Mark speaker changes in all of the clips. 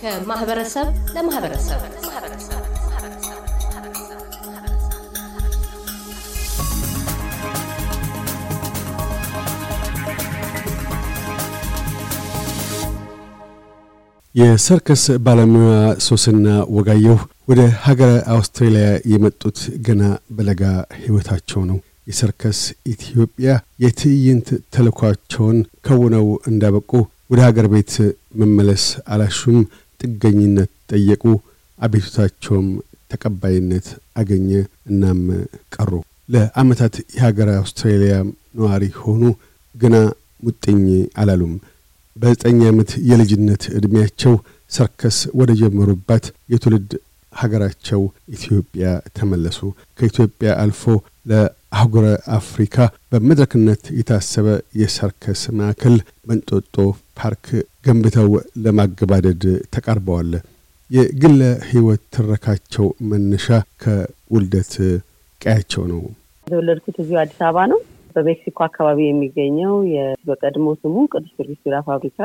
Speaker 1: ከማህበረሰብ ለማህበረሰብ
Speaker 2: የሰርከስ ባለሙያ ሶስና ወጋየሁ ወደ ሀገረ አውስትሬልያ የመጡት ገና በለጋ ህይወታቸው ነው። የሰርከስ ኢትዮጵያ የትዕይንት ተልኳቸውን ከውነው እንዳበቁ ወደ ሀገር ቤት መመለስ አላሹም። ጥገኝነት ጠየቁ። አቤቱታቸውም ተቀባይነት አገኘ። እናም ቀሩ። ለዓመታት የሀገር አውስትራሊያ ነዋሪ ሆኑ። ግና ሙጥኝ አላሉም። በዘጠኝ ዓመት የልጅነት ዕድሜያቸው ሰርከስ ወደ ጀመሩባት የትውልድ ሀገራቸው ኢትዮጵያ ተመለሱ። ከኢትዮጵያ አልፎ ለ አህጉረ አፍሪካ በመድረክነት የታሰበ የሰርከስ ማዕከል መንጦጦ ፓርክ ገንብተው ለማገባደድ ተቃርበዋል። የግለ ሕይወት ትረካቸው መነሻ ከውልደት ቀያቸው ነው።
Speaker 1: የተወለድኩት እዚሁ አዲስ አበባ ነው። በሜክሲኮ አካባቢ የሚገኘው በቀድሞ ስሙ ቅዱስ ጊዮርጊስ ቢራ ፋብሪካ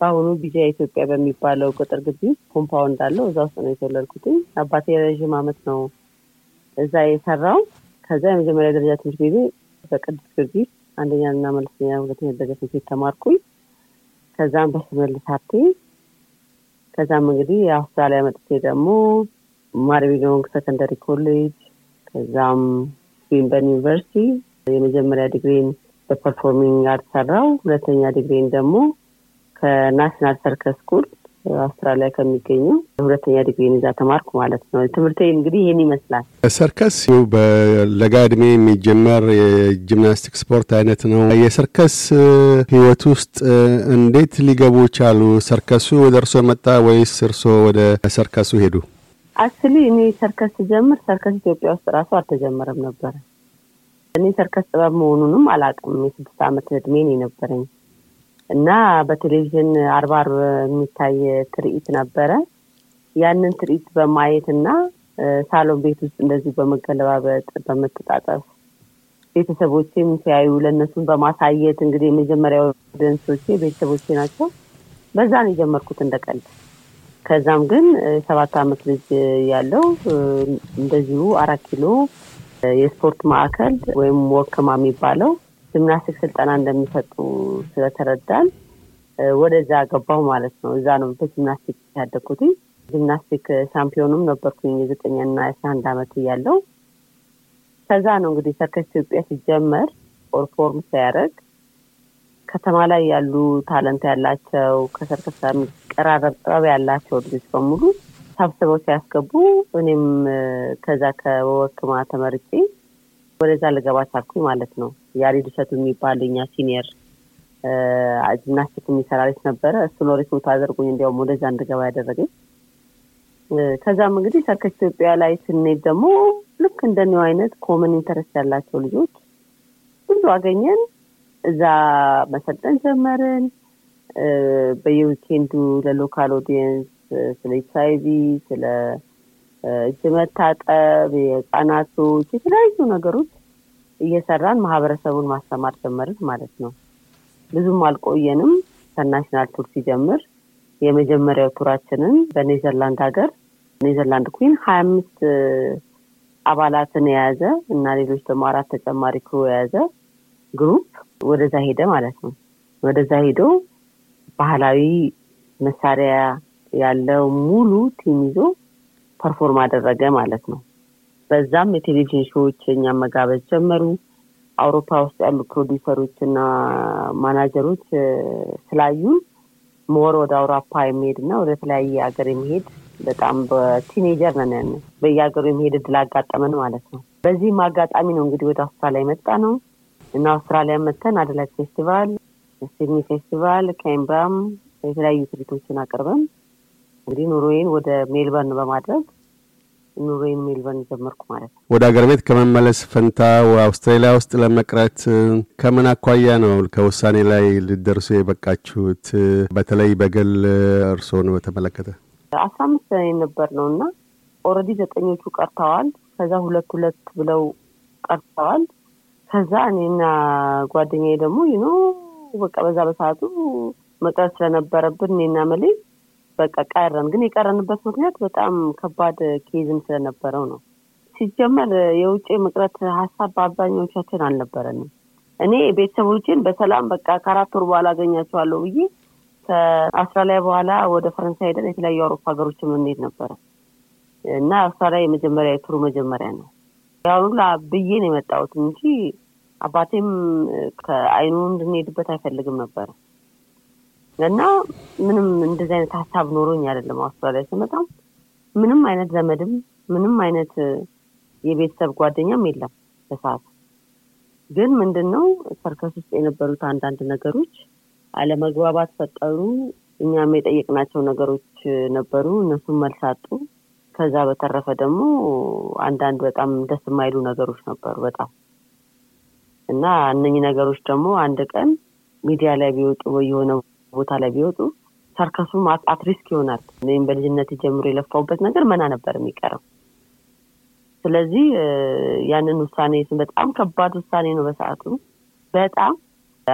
Speaker 1: በአሁኑ ቢጃ ኢትዮጵያ በሚባለው ቅጥር ግቢ ኮምፓውንድ አለው። እዛ ውስጥ ነው የተወለድኩትኝ። አባቴ ረዥም ዓመት ነው እዛ የሰራው ከዛ የመጀመሪያ ደረጃ ትምህርት ቤቴ በቅዱስ ጊዮርጊስ አንደኛ እና መለስተኛ ሁለተኛ ደረጃ ትምህርት ቤት ተማርኩኝ። ከዛም በስመልስ ሀብቴ ከዛም እንግዲህ የአውስትራሊያ መጥቼ ደግሞ ማርቢሎንግ ሰከንደሪ ኮሌጅ ከዛም ስዊንበርን ዩኒቨርሲቲ የመጀመሪያ ዲግሪን በፐርፎርሚንግ አርት ሰራው። ሁለተኛ ዲግሪን ደግሞ ከናሽናል ሰርከስ ስኩል አውስትራሊያ ከሚገኙ ሁለተኛ ዲግሪን ይዛ ተማርኩ ማለት ነው። ትምህርቴ እንግዲህ ይህን ይመስላል።
Speaker 2: ሰርከስ በለጋ እድሜ የሚጀመር የጂምናስቲክ ስፖርት አይነት ነው። የሰርከስ ህይወት ውስጥ እንዴት ሊገቡ ቻሉ? ሰርከሱ ወደ እርሶ መጣ ወይስ እርሶ ወደ ሰርከሱ ሄዱ?
Speaker 1: አክቹዋሊ እኔ ሰርከስ ስጀምር ሰርከስ ኢትዮጵያ ውስጥ ራሱ አልተጀመረም ነበረ። እኔ ሰርከስ ጥበብ መሆኑንም አላውቅም። የስድስት ዓመት እድሜን የነበረኝ እና በቴሌቪዥን አርባር አርብ የሚታይ ትርኢት ነበረ። ያንን ትርኢት በማየት እና ሳሎን ቤት ውስጥ እንደዚህ በመገለባበጥ በመተጣጠፍ ቤተሰቦቼም ሲያዩ ለእነሱን በማሳየት እንግዲህ የመጀመሪያ ደንሶቼ ቤተሰቦቼ ናቸው። በዛ ነው የጀመርኩት እንደ ቀልድ። ከዛም ግን ሰባት አመት ልጅ ያለው እንደዚሁ አራት ኪሎ የስፖርት ማዕከል ወይም ወክማ የሚባለው ጂምናስቲክ ስልጠና እንደሚሰጡ ስለተረዳን ወደዛ ገባው ማለት ነው። እዛ ነው በጂምናስቲክ ያደግኩት። ጂምናስቲክ ሻምፒዮኑም ነበርኩኝ የዘጠኛና የአስራ አንድ አመት እያለው ከዛ ነው እንግዲህ ሰርከስ ኢትዮጵያ ሲጀመር ኦርፎርም ሲያደረግ ከተማ ላይ ያሉ ታለንት ያላቸው ከሰርከስ ጋር የሚቀራረብ ጥበብ ያላቸው ልጆች በሙሉ ሰብስበው ሲያስገቡ እኔም ከዛ ከወክማ ተመርጬ ወደዛ ልገባ ቻልኩኝ ማለት ነው። ያሬድ እሸቱ የሚባል የኛ ሲኒየር ጂምናስቲክ የሚሰራ ልጅ ነበረ። እሱ ሎሬት ሞቶ አደርጎኝ እንዲያውም ወደዛ እንድገባ ያደረገኝ። ከዛም እንግዲህ ሰርከስ ኢትዮጵያ ላይ ስንሄድ ደግሞ ልክ እንደኒው አይነት ኮመን ኢንተረስት ያላቸው ልጆች ብዙ አገኘን። እዛ መሰልጠን ጀመርን። በየዊኬንዱ ለሎካል ኦዲየንስ ስለ ኤች አይ ቪ፣ ስለ እጅ መታጠብ፣ የህፃናቶች የተለያዩ ነገሮች እየሰራን ማህበረሰቡን ማስተማር ጀመርን ማለት ነው። ብዙም አልቆየንም። ከናሽናል ቱር ሲጀምር የመጀመሪያው ቱራችንን በኔዘርላንድ ሀገር ኔዘርላንድ ኩን ሀያ አምስት አባላትን የያዘ እና ሌሎች ደግሞ አራት ተጨማሪ ክሩ የያዘ ግሩፕ ወደዛ ሄደ ማለት ነው። ወደዛ ሄዶ ባህላዊ መሳሪያ ያለው ሙሉ ቲም ይዞ ፐርፎርም አደረገ ማለት ነው። በዛም የቴሌቪዥን ሾዎች እኛ መጋበዝ ጀመሩ። አውሮፓ ውስጥ ያሉ ፕሮዲሰሮች እና ማናጀሮች ስላዩ ሞር ወደ አውሮፓ የሚሄድ እና ወደ ተለያየ ሀገር የሚሄድ በጣም በቲኔጀር ነን ያን በየሀገሩ የሚሄድ እድል አጋጠመን ማለት ነው። በዚህም አጋጣሚ ነው እንግዲህ ወደ አውስትራሊያ የመጣ ነው እና አውስትራሊያ መተን አደላይድ ፌስቲቫል፣ ሲድኒ ፌስቲቫል፣ ካምብራም የተለያዩ ትርኢቶችን አቅርበን እንግዲህ ኑሮዬን ወደ ሜልበርን በማድረግ ኑሮዬን ሜልበርን ጀመርኩ ማለት ነው።
Speaker 2: ወደ ሀገር ቤት ከመመለስ ፈንታ አውስትራሊያ ውስጥ ለመቅረት ከምን አኳያ ነው ከውሳኔ ላይ ልደርሱ የበቃችሁት? በተለይ በግል እርስዎን በተመለከተ
Speaker 1: አስራ አምስት ላይ ነበር ነው እና ኦልሬዲ ዘጠኞቹ ቀርተዋል። ከዛ ሁለት ሁለት ብለው ቀርተዋል። ከዛ እኔና ጓደኛዬ ደግሞ ይኖ በቃ በዛ በሰዓቱ መቅረት ስለነበረብን እኔና መሌ በቃ ቀረን። ግን የቀረንበት ምክንያት በጣም ከባድ ኬዝም ስለነበረው ነው። ሲጀመር የውጭ መቅረት ሀሳብ በአብዛኛዎቻችን አልነበረንም። እኔ ቤተሰቦችን በሰላም በቃ ከአራት ወር በኋላ አገኛቸዋለሁ ብዬ ከአውስትራሊያ በኋላ ወደ ፈረንሳይ ሄደን የተለያዩ አውሮፓ ሀገሮች የምንሄድ ነበረ እና አውስትራሊያ የመጀመሪያ የቱሩ መጀመሪያ ነው። ያው ሁላ ብዬ የመጣሁት እንጂ አባቴም ከአይኑ እንድንሄድበት አይፈልግም ነበረ። እና ምንም እንደዚህ አይነት ሀሳብ ኖሮኝ አይደለም አውስትራሊያ ስመጣ ምንም አይነት ዘመድም ምንም አይነት የቤተሰብ ጓደኛም የለም በሰዓት ግን ምንድን ነው ሰርከስ ውስጥ የነበሩት አንዳንድ ነገሮች አለመግባባት ፈጠሩ። እኛም የጠየቅናቸው ነገሮች ነበሩ፣ እነሱም መልስ አጡ። ከዛ በተረፈ ደግሞ አንዳንድ በጣም ደስ የማይሉ ነገሮች ነበሩ በጣም እና እነኚህ ነገሮች ደግሞ አንድ ቀን ሚዲያ ላይ ቢወጡ የሆነ ቦታ ላይ ቢወጡ ሳርከሱም አትሪስክ ይሆናል። ወይም በልጅነት ጀምሮ የለፋውበት ነገር መና ነበር የሚቀረው። ስለዚህ ያንን ውሳኔ በጣም ከባድ ውሳኔ ነው በሰዓቱ በጣም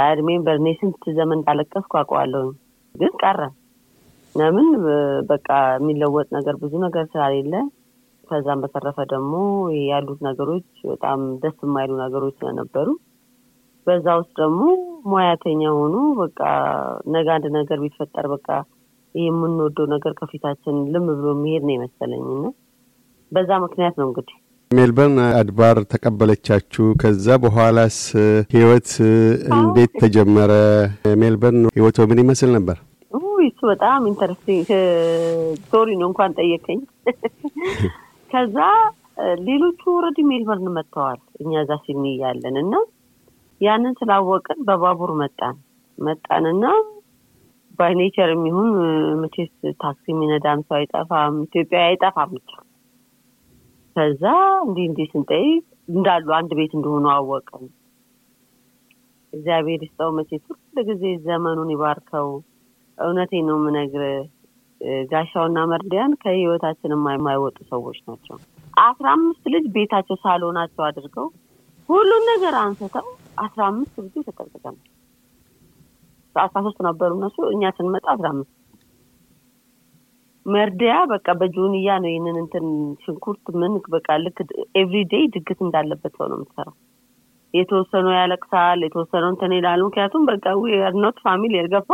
Speaker 1: አድሜን በርኔ ስንት ዘመን እንዳለቀስኩ አውቀዋለሁ። ግን ቀረ። ለምን በቃ የሚለወጥ ነገር ብዙ ነገር ስላሌለ፣ ከዛም በተረፈ ደግሞ ያሉት ነገሮች በጣም ደስ የማይሉ ነገሮች ስለነበሩ በዛ ውስጥ ደግሞ ሙያተኛ ሆኑ በቃ ነገ አንድ ነገር ቢፈጠር በቃ ይህ የምንወደው ነገር ከፊታችን ልም ብሎ መሄድ ነው የመሰለኝ እና በዛ ምክንያት ነው እንግዲህ
Speaker 2: ሜልበርን አድባር ተቀበለቻችሁ። ከዛ በኋላስ ህይወት እንዴት ተጀመረ? ሜልበርን ህይወት ምን ይመስል ነበር?
Speaker 1: እሱ በጣም ኢንተረስቲንግ ስቶሪ ነው። እንኳን ጠየቀኝ። ከዛ ሌሎቹ ኦልሬዲ ሜልበርን መጥተዋል። እኛ እዛ ሲድኒ እያለን እና ያንን ስላወቅን በባቡር መጣን መጣንና ባይኔቸር የሚሆን ምቴስ ታክሲ የሚነዳም ሰው አይጠፋም፣ ኢትዮጵያ አይጠፋም ብቻ። ከዛ እንዲህ እንዲህ ስንጠይቅ እንዳሉ አንድ ቤት እንደሆኑ አወቅን። እግዚአብሔር ይስጠው መቼስ ሁል ጊዜ ዘመኑን ይባርከው። እውነቴ ነው ምነግር ጋሻውና መርዲያን ከህይወታችን የማይወጡ ሰዎች ናቸው። አስራ አምስት ልጅ ቤታቸው ሳሎናቸው አድርገው ሁሉን ነገር አንስተው አስራ አምስት ጊዜ ተቀጥቅጠን አስራ ሶስት ነበሩ እነሱ። እኛ ስንመጣ አስራ አምስት መርዲያ በቃ በጆንያ ነው። ይህንን እንትን ሽንኩርት ምን በቃ ልክ ኤቭሪዴይ ድግት እንዳለበት ሰው ነው የምትሰራው። የተወሰኑ ያለቅሳል፣ የተወሰነው እንትን ይላሉ ምክንያቱም በቃ ኖት ፋሚሊ የርገፋ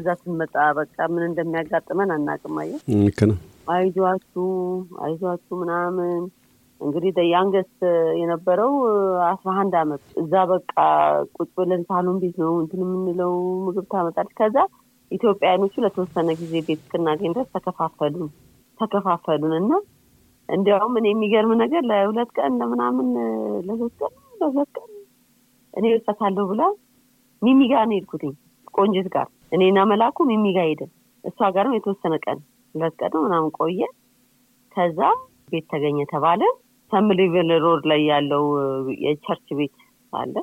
Speaker 1: እዛ ስንመጣ በቃ ምን እንደሚያጋጥመን አናውቅም።
Speaker 2: አየህ
Speaker 1: አይዟችሁ አይዟችሁ ምናምን እንግዲህ ያንገስት uh, የነበረው uh, አስራ አንድ አመት እዛ በቃ ቁጭ ብለን ሳሎን ቤት ነው እንትን የምንለው ምግብ ታመጣለች። ከዛ ኢትዮጵያውያኖቹ ለተወሰነ ጊዜ ቤት እስክናገኝ ድረስ ተከፋፈሉን ተከፋፈሉን እና እንዲያውም እኔ የሚገርም ነገር ለሁለት ቀን ለምናምን uh, ለሁለት ቀን ለሁለት ቀን እኔ እወጣታለሁ ብላ ሚሚ ጋር ነው የሄድኩትኝ ቆንጅት ጋር እኔና መላኩ ሚሚ ጋር ሄድን። እሷ ጋርም የተወሰነ ቀን ሁለት ቀን ምናምን ቆየ። ከዛ ቤት ተገኘ ተባለ። ተምሪቭል ሮድ ላይ ያለው የቸርች ቤት አለ።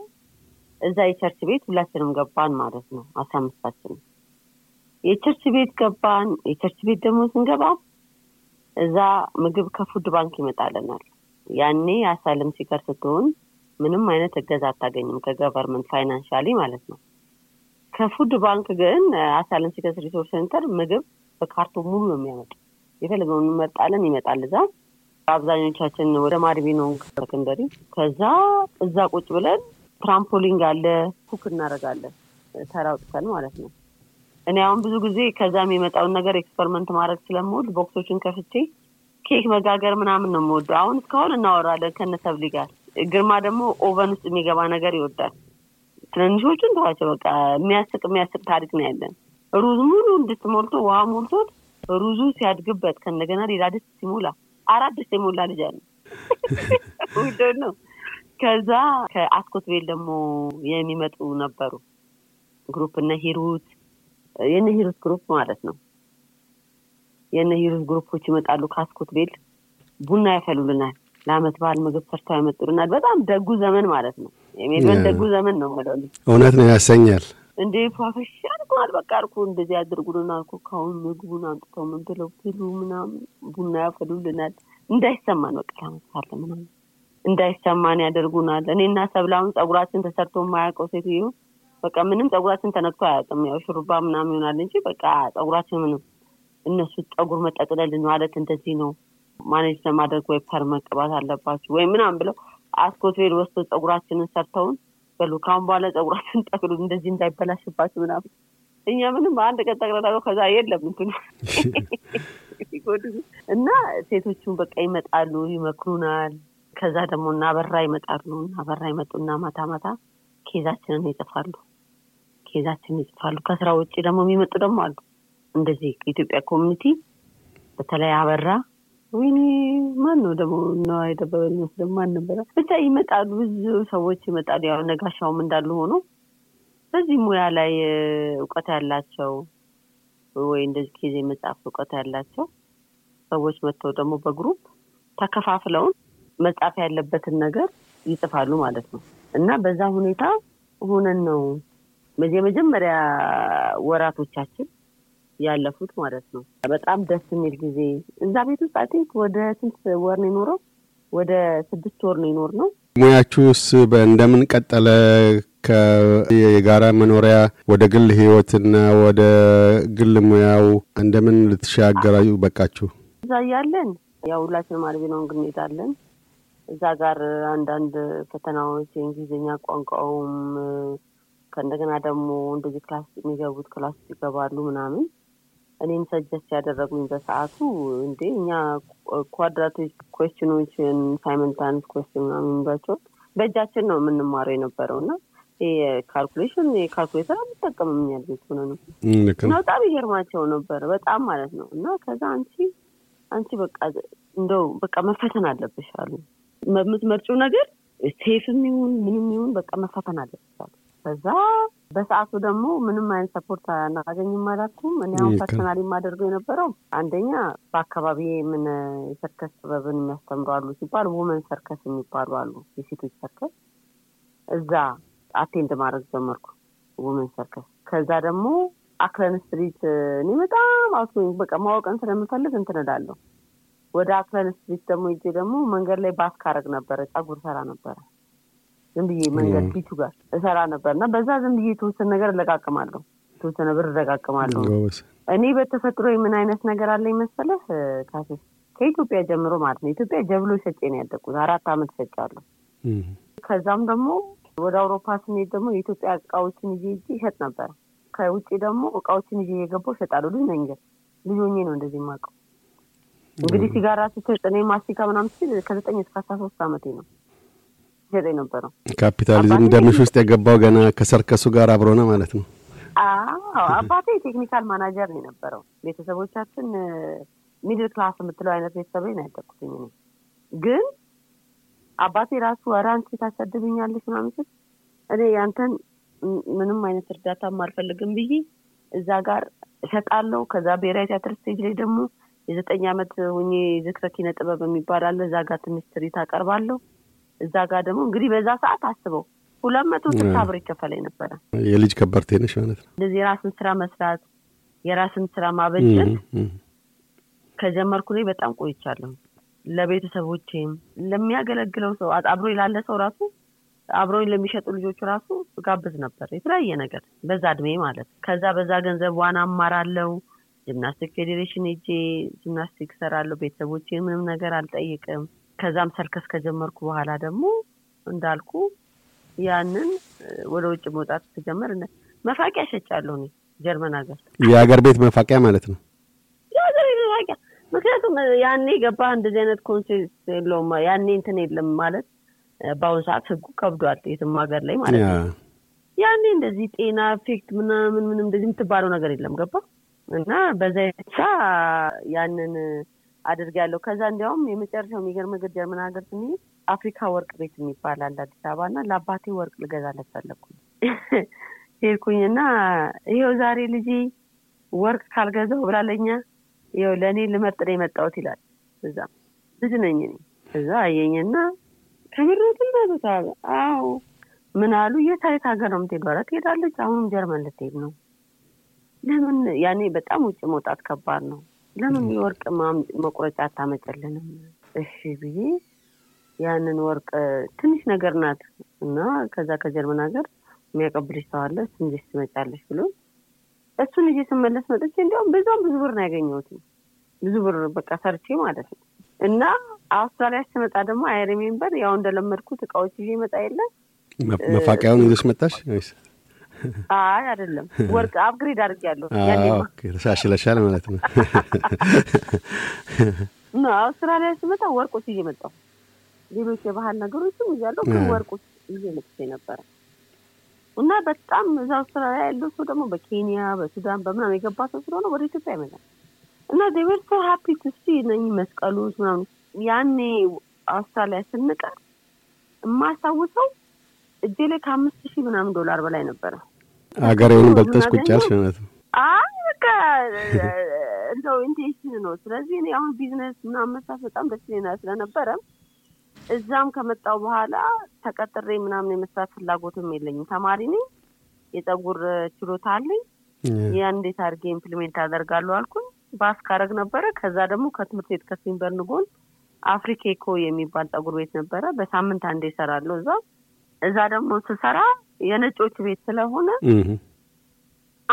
Speaker 1: እዛ የቸርች ቤት ሁላችንም ገባን ማለት ነው። አስራ አምስታችን የቸርች ቤት ገባን። የቸርች ቤት ደግሞ ስንገባ እዛ ምግብ ከፉድ ባንክ ይመጣለናል ያኔ አሳልም ሲከር ስትሆን ምንም አይነት እገዛ አታገኝም ከገቨርንመንት ፋይናንሻሊ ማለት ነው። ከፉድ ባንክ ግን አሳልም ሲከር ሪሶርስ ሴንተር ምግብ በካርቶን ሙሉ ነው የሚያመጡ የፈለገውን እንመርጣለን ይመጣል እዛ አብዛኞቻችን ወደ ነው ሰከንደሪ፣ ከዛ እዛ ቁጭ ብለን ትራምፖሊንግ አለ ኩክ እናደርጋለን ተራ ማለት ነው። እኔ አሁን ብዙ ጊዜ ከዛ የሚመጣውን ነገር ኤክስፐሪመንት ማድረግ ስለምወድ ቦክሶችን ከፍቼ ኬክ መጋገር ምናምን ነው የምወደው። አሁን እስካሁን እናወራለን ከነሰብሊ ጋር። ግርማ ደግሞ ኦቨን ውስጥ የሚገባ ነገር ይወዳል። ትንንሾቹን ተዋቸው፣ በቃ የሚያስቅ የሚያስቅ ታሪክ ነው ያለን። ሩዝ ሙሉ እንድትሞልቶ ውሃ ሞልቶት ሩዙ ሲያድግበት ከእንደገና ሌላ ድስት ሲሞላ አራት ደስ የሞላ ልጅ አለ ውደድ ነው። ከዛ ከአስኮት ቤል ደግሞ የሚመጡ ነበሩ ግሩፕ እነ ሂሩት የነ ሂሩት ግሩፕ ማለት ነው። የነ ሂሩት ግሩፖች ይመጣሉ ከአስኮት ቤል ቡና ያፈሉልናል። ለአመት በዓል ምግብ ሰርተው ያመጡልናል። በጣም ደጉ ዘመን ማለት ነው። የሜድበን ደጉ ዘመን ነው
Speaker 2: እውነት ነው ያሰኛል።
Speaker 1: እንዴ ፋፈሻ አድርገዋል። በቃ አልኩ እንደዚህ ያደርጉልን አልኩ። ካሁን ምግቡን አምጥተው ምን ብለው ብሉ ምናምን ቡና ያፈሉልናል። እንዳይሰማን በቃ ያመሳለ ምናምን እንዳይሰማን ያደርጉናል። እኔና ሰብላውን ጸጉራችን ተሰርቶ የማያውቀው ሴትዮ በቃ ምንም ጸጉራችን ተነክቶ አያውቅም። ያው ሹሩባ ምናምን ይሆናል እንጂ በቃ ጸጉራችን ምንም እነሱ ጸጉር መጠቅለል ማለት እንደዚህ ነው ማኔጅ ለማድረግ ወይ ፐር መቀባት አለባችሁ ወይ ምናምን ብለው አስኮትቤል ወስዶ ጸጉራችንን ሰርተውን በሉ ከአሁን በኋላ ፀጉራችን ጠቅሉ እንደዚህ እንዳይበላሽባችሁ ምናምን። እኛ ምንም አንድ ቀን ጠቅለላለው ከዛ የለም እንትን እና ሴቶቹን በቃ ይመጣሉ፣ ይመክሩናል። ከዛ ደግሞ እናበራ ይመጣሉ። እናበራ ይመጡና ማታ ማታ ኬዛችንን ይጽፋሉ፣ ኬዛችንን ይጽፋሉ። ከስራ ውጭ ደግሞ የሚመጡ ደግሞ አሉ። እንደዚህ ኢትዮጵያ ኮሚኒቲ በተለይ አበራ ወይኔ ማን ነው ደግሞ ነዋይ ደበበ ይመስል ማን ነበረ? ብቻ ይመጣሉ፣ ብዙ ሰዎች ይመጣሉ። ያው ነጋሻውም እንዳሉ ሆኖ በዚህ ሙያ ላይ እውቀት ያላቸው ወይ እንደዚህ ጊዜ መጽሐፍ እውቀት ያላቸው ሰዎች መጥተው ደግሞ በግሩፕ ተከፋፍለውን መጽሐፍ ያለበትን ነገር ይጽፋሉ ማለት ነው እና በዛ ሁኔታ ሆነን ነው የመጀመሪያ ወራቶቻችን ያለፉት ማለት ነው። በጣም ደስ የሚል ጊዜ እዛ ቤት ውስጥ አይ ቲንክ ወደ ስንት ወር ነው የኖረው? ወደ ስድስት ወር ነው የኖር ነው።
Speaker 2: ሙያችሁስ በእንደምን ቀጠለ? ከየጋራ መኖሪያ ወደ ግል ህይወትና ወደ ግል ሙያው እንደምን ልትሻገራዩ በቃችሁ?
Speaker 1: እዛ እያለን ያው ሁላችንም አልቤናውን ግን እንሄዳለን። እዛ ጋር አንዳንድ ፈተናዎች የእንግሊዝኛ ቋንቋውም ከእንደገና ደግሞ እንደዚህ ክላስ የሚገቡት ክላስ ይገባሉ ምናምን እኔን ሰጀስት ያደረጉኝ በሰዓቱ እንዴ እኛ ኳድራቲክ ኮስችኖችን ሳይመንታንስ ኮስችን ምናምን በእጃችን ነው የምንማረው የነበረው እና ካልኩሌሽን ካልኩሌተር አንጠቀምም ያልቤት ሆነ ነው እና በጣም ይገርማቸው ነበር በጣም ማለት ነው እና ከዛ አንቺ አንቺ በቃ እንደው በቃ መፈተን አለብሽ አሉ የምትመርጩ ነገር ሴፍም ይሁን ምንም ይሁን በቃ መፈተን አለብሽ አሉ በዛ በሰዓቱ ደግሞ ምንም አይነት ሰፖርት አናገኝም አላልኩም። እኔ አሁን ፐርሰናል የማደርገው የነበረው አንደኛ በአካባቢ ምን የሰርከስ ጥበብን የሚያስተምሩ አሉ ሲባል ውመን ሰርከስ የሚባሉ አሉ፣ የሴቶች ሰርከስ እዛ አቴንድ ማድረግ ጀመርኩ። ውመን ሰርከስ ከዛ ደግሞ አክለን ስትሪት እኔ በጣም አቶ በቃ ማወቅን ስለምፈልግ እንትን እላለሁ። ወደ አክለን ስትሪት ደግሞ ይዤ ደግሞ መንገድ ላይ ባስክ አደረግ ነበረ፣ ጸጉር ሰራ ነበረ ዝም ብዬ መንገድ ፊቱ ጋር እሰራ ነበር እና በዛ ዝም ብዬ የተወሰነ ነገር እለቃቅማለሁ፣ የተወሰነ ብር እለቃቅማለሁ። እኔ በተፈጥሮ ምን አይነት ነገር አለኝ መሰለህ ካፌ ከኢትዮጵያ ጀምሮ ማለት ነው። ኢትዮጵያ ጀብሎ ሸጬ ነው ያደቁት አራት አመት ሸጫለሁ። ከዛም ደግሞ ወደ አውሮፓ ስንሄድ ደግሞ የኢትዮጵያ እቃዎችን ይዤ እጅ ይሸጥ ነበረ። ከውጭ ደግሞ እቃዎችን ይዤ እየገባሁ ይሸጣሉ ልጅ መንገድ ግን ነው እንደዚህ ማቀው እንግዲህ ሲጋራ ስትጭ እኔ ማስቲካ ምናምን ከዘጠኝ እስከ አስራ ሶስት አመቴ ነው ሄደ ነበረው።
Speaker 2: ካፒታሊዝም ደምሽ ውስጥ የገባው ገና ከሰርከሱ ጋር አብሮ ነው ማለት ነው።
Speaker 1: አዎ አባቴ የቴክኒካል ማናጀር ነው የነበረው። ቤተሰቦቻችን ሚድል ክላስ የምትለው አይነት ቤተሰብ ነው ያደኩትኝ ነው። ግን አባቴ ራሱ ኧረ አንቺ ታሰድብኛለሽ ምናምን ሲል እኔ ያንተን ምንም አይነት እርዳታ አልፈልግም ብዬ እዛ ጋር እሸጣለሁ። ከዛ ብሔራዊ ቲያትር ስቴጅ ላይ ደግሞ የዘጠኝ ዓመት ሁኜ ዝክረ ኪነ ጥበብ የሚባል አለ። እዛ ጋር ትንሽ ትርኢት አቀርባለሁ። እዛ ጋር ደግሞ እንግዲህ በዛ ሰዓት አስበው ሁለት መቶ ስልሳ ብር ይከፈለኝ ነበረ።
Speaker 2: የልጅ ከበርቴ ነሽ ማለት
Speaker 1: ነው። እንደዚህ የራስን ስራ መስራት የራስን ስራ ማበጀት ከጀመርኩ ላይ በጣም ቆይቻለሁ። ለቤተሰቦቼም ለሚያገለግለው ሰው አብሮ ላለ ሰው ራሱ አብረውኝ ለሚሸጡ ልጆቹ ራሱ ጋብዝ ነበር የተለያየ ነገር በዛ እድሜ ማለት ከዛ በዛ ገንዘብ ዋና አማራለው ጂምናስቲክ ፌዴሬሽን ሄጄ ጂምናስቲክ ሰራለሁ። ቤተሰቦቼ ምንም ነገር አልጠይቅም። ከዛም ሰርከስ ከጀመርኩ በኋላ ደግሞ እንዳልኩ ያንን ወደ ውጭ መውጣት ስጀምር መፋቂያ ሸጫለሁ እኔ ጀርመን ሀገር
Speaker 2: የሀገር ቤት መፋቂያ ማለት ነው።
Speaker 1: የሀገር ቤት መፋቂያ ምክንያቱም ያኔ ገባ እንደዚህ አይነት ኮንሴንስ የለውም። ያኔ እንትን የለም ማለት በአሁኑ ሰዓት ህጉ ከብዷል የትም ሀገር ላይ ማለት ነው። ያኔ እንደዚህ ጤና ፌክት ምናምን ምንም እንደዚህ የምትባለው ነገር የለም ገባ እና በዛ ያንን አድርጊያለሁ። ከዛ እንዲያውም የመጨረሻው የሚገርም ግር ጀርመን ሀገር ስንሄድ አፍሪካ ወርቅ ቤት የሚባል አለ አዲስ አበባ እና ለአባቴ ወርቅ ልገዛለት ፈለግኩኝ። ሄድኩኝ እና ይኸው ዛሬ ልጄ ወርቅ ካልገዛው ብላለኛ ይኸው ለእኔ ልመርጥ ነው የመጣሁት ይላል። እዛ ልጅ ነኝ እኔ። እዛ አየኝና ከምረትን በሉት አዎ ምን አሉ የት ሀገር ነው የምትሄዱ? ኧረ ትሄዳለች። አሁንም ጀርመን ልትሄድ ነው። ለምን ያኔ በጣም ውጭ መውጣት ከባድ ነው። ለምን የወርቅ መቁረጫ አታመጨልንም? እሺ ብዬ ያንን ወርቅ ትንሽ ነገር ናት እና ከዛ ከጀርመን ሀገር የሚያቀብልሽ ሰው አለ፣ እሱን ይዘሽ ትመጫለሽ ብሎ እሱን ይዤ ስመለስ መጥቼ እንዲያውም በዛም ብዙ ብር ነው ያገኘሁት። ብዙ ብር በቃ ሰርቼ ማለት ነው። እና አውስትራሊያ ስመጣ ደግሞ አይሪሜምበር ያው እንደለመድኩት እቃዎች ይዤ ይመጣ የለ
Speaker 2: መፋቂያውን ይዘሽ መጣሽ?
Speaker 1: አይ አይደለም፣ ወርቅ አፕግሬድ አድርጌያለሁ።
Speaker 2: ተሻሽለሻል ማለት ነው።
Speaker 1: አውስትራሊያ ስመጣ ወርቆች እየመጣው ሌሎች የባህል ነገሮችም እያለው ግን ወርቆች ይዤ መጥቼ ነበረ እና በጣም እዛ አውስትራሊያ ያለው ሰው ደግሞ በኬንያ በሱዳን በምናም የገባ ሰው ስለሆነ ወደ ኢትዮጵያ ይመጣል እና ዴቨር ሶ ሀፒ ቱ ሲ እነህ መስቀሎች ምናም ያኔ አውስትራሊያ ስንቀር የማስታውሰው እጄ ላይ ከአምስት ሺህ ምናምን ዶላር በላይ ነበረ።
Speaker 2: አገሬውን በልተሽ ቁጭ ያልሽ ማለት ነው።
Speaker 1: በቃ እንደው ኢንቴንሽን ነው። ስለዚህ እኔ አሁን ቢዝነስ ምናምን መስራት በጣም ደስ ይለኛል ስለነበረም እዛም ከመጣው በኋላ ተቀጥሬ ምናምን የመስራት ፍላጎትም የለኝም። ተማሪ ነኝ፣ የጸጉር ችሎታ አለኝ። ያን እንዴት አድርጌ ኢምፕሊሜንት አደርጋለሁ አልኩኝ። ባስ ካረግ ነበረ። ከዛ ደግሞ ከትምህርት ቤት ከሲንበርን ጎን አፍሪኬኮ የሚባል ጸጉር ቤት ነበረ። በሳምንት አንዴ እሰራለሁ እዛ እዛ ደግሞ ስሰራ የነጮች ቤት ስለሆነ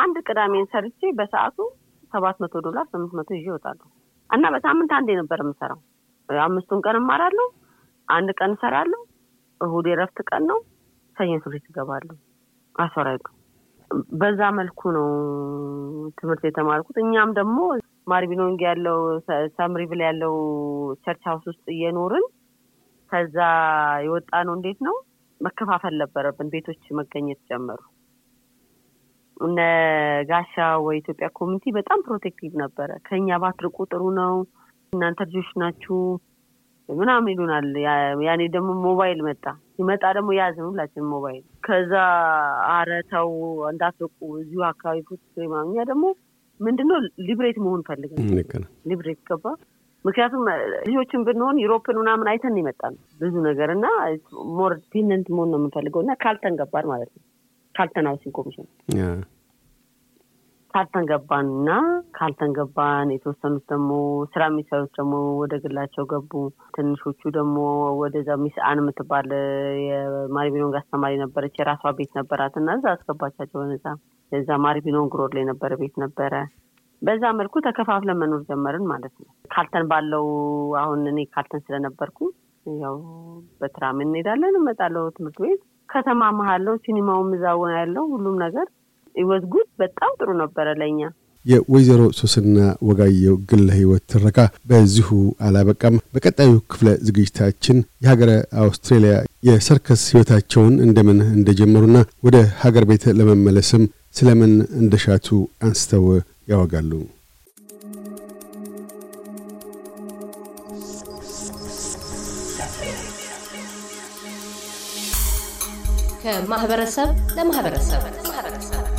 Speaker 1: አንድ ቅዳሜን ሰርቼ በሰዓቱ ሰባት መቶ ዶላር ስምንት መቶ ይዤ እወጣለሁ እና በሳምንት አንዴ ነበር የምሰራው። አምስቱን ቀን እማራለሁ፣ አንድ ቀን እሰራለሁ፣ እሁድ የረፍት ቀን ነው፣ ሰኞ ቤት እገባለሁ። አስወራዱ በዛ መልኩ ነው ትምህርት የተማርኩት። እኛም ደግሞ ማርቢኖንግ ያለው ሰምሪቪል ያለው ቸርች ሀውስ ውስጥ እየኖርን ከዛ የወጣ ነው እንዴት ነው መከፋፈል ነበረብን። ቤቶች መገኘት ጀመሩ። እነ ጋሻ ወይ ኢትዮጵያ ኮሚኒቲ በጣም ፕሮቴክቲቭ ነበረ። ከኛ ባትርቁ ጥሩ ነው እናንተ ልጆች ናችሁ ምናምን ይሉናል። ያኔ ደግሞ ሞባይል መጣ። ሲመጣ ደግሞ ያዝን ሁላችን ሞባይል። ከዛ አረ ተው እንዳትርቁ እዚሁ አካባቢ ፖት ማኛ ደግሞ ምንድነው ሊብሬት መሆን ፈልገን ሊብሬት ገባ ምክንያቱም ልጆችን ብንሆን ዩሮፕን ምናምን አይተን ይመጣል ብዙ ነገር እና ሞር ዲነንት መሆን ነው የምንፈልገው እና ካልተን ገባን ማለት ነው ካልተን አውሲን ኮሚሽን ካልተን ገባን እና ካልተን ገባን የተወሰኑት ደግሞ ስራ የሚሰሩት ደግሞ ወደ ግላቸው ገቡ ትንሾቹ ደግሞ ወደዛ ሚስ አን የምትባል የማሪቢኖንግ አስተማሪ ነበረች የራሷ ቤት ነበራት እና እዛ አስገባቻቸው በነጻ እዛ ማሪቢኖንግ ሮድ ላይ ነበረ ቤት ነበረ በዛ መልኩ ተከፋፍለን መኖር ጀመርን ማለት ነው። ካልተን ባለው አሁን እኔ ካልተን ስለነበርኩ ያው በትራም እንሄዳለን እመጣለሁ ትምህርት ቤት ከተማ መሀለው ሲኒማውም እዛውን ያለው ሁሉም ነገር ይወዝ ጉድ በጣም ጥሩ ነበረ ለእኛ።
Speaker 2: የወይዘሮ ሶስና ወጋየው ግለ ህይወት ትረካ በዚሁ አላበቃም። በቀጣዩ ክፍለ ዝግጅታችን የሀገረ አውስትሬሊያ የሰርከስ ህይወታቸውን እንደምን እንደጀመሩና ወደ ሀገር ቤት ለመመለስም ስለምን እንደሻቱ አንስተው ያወጋሉ።
Speaker 1: ከማህበረሰብ ለማህበረሰብ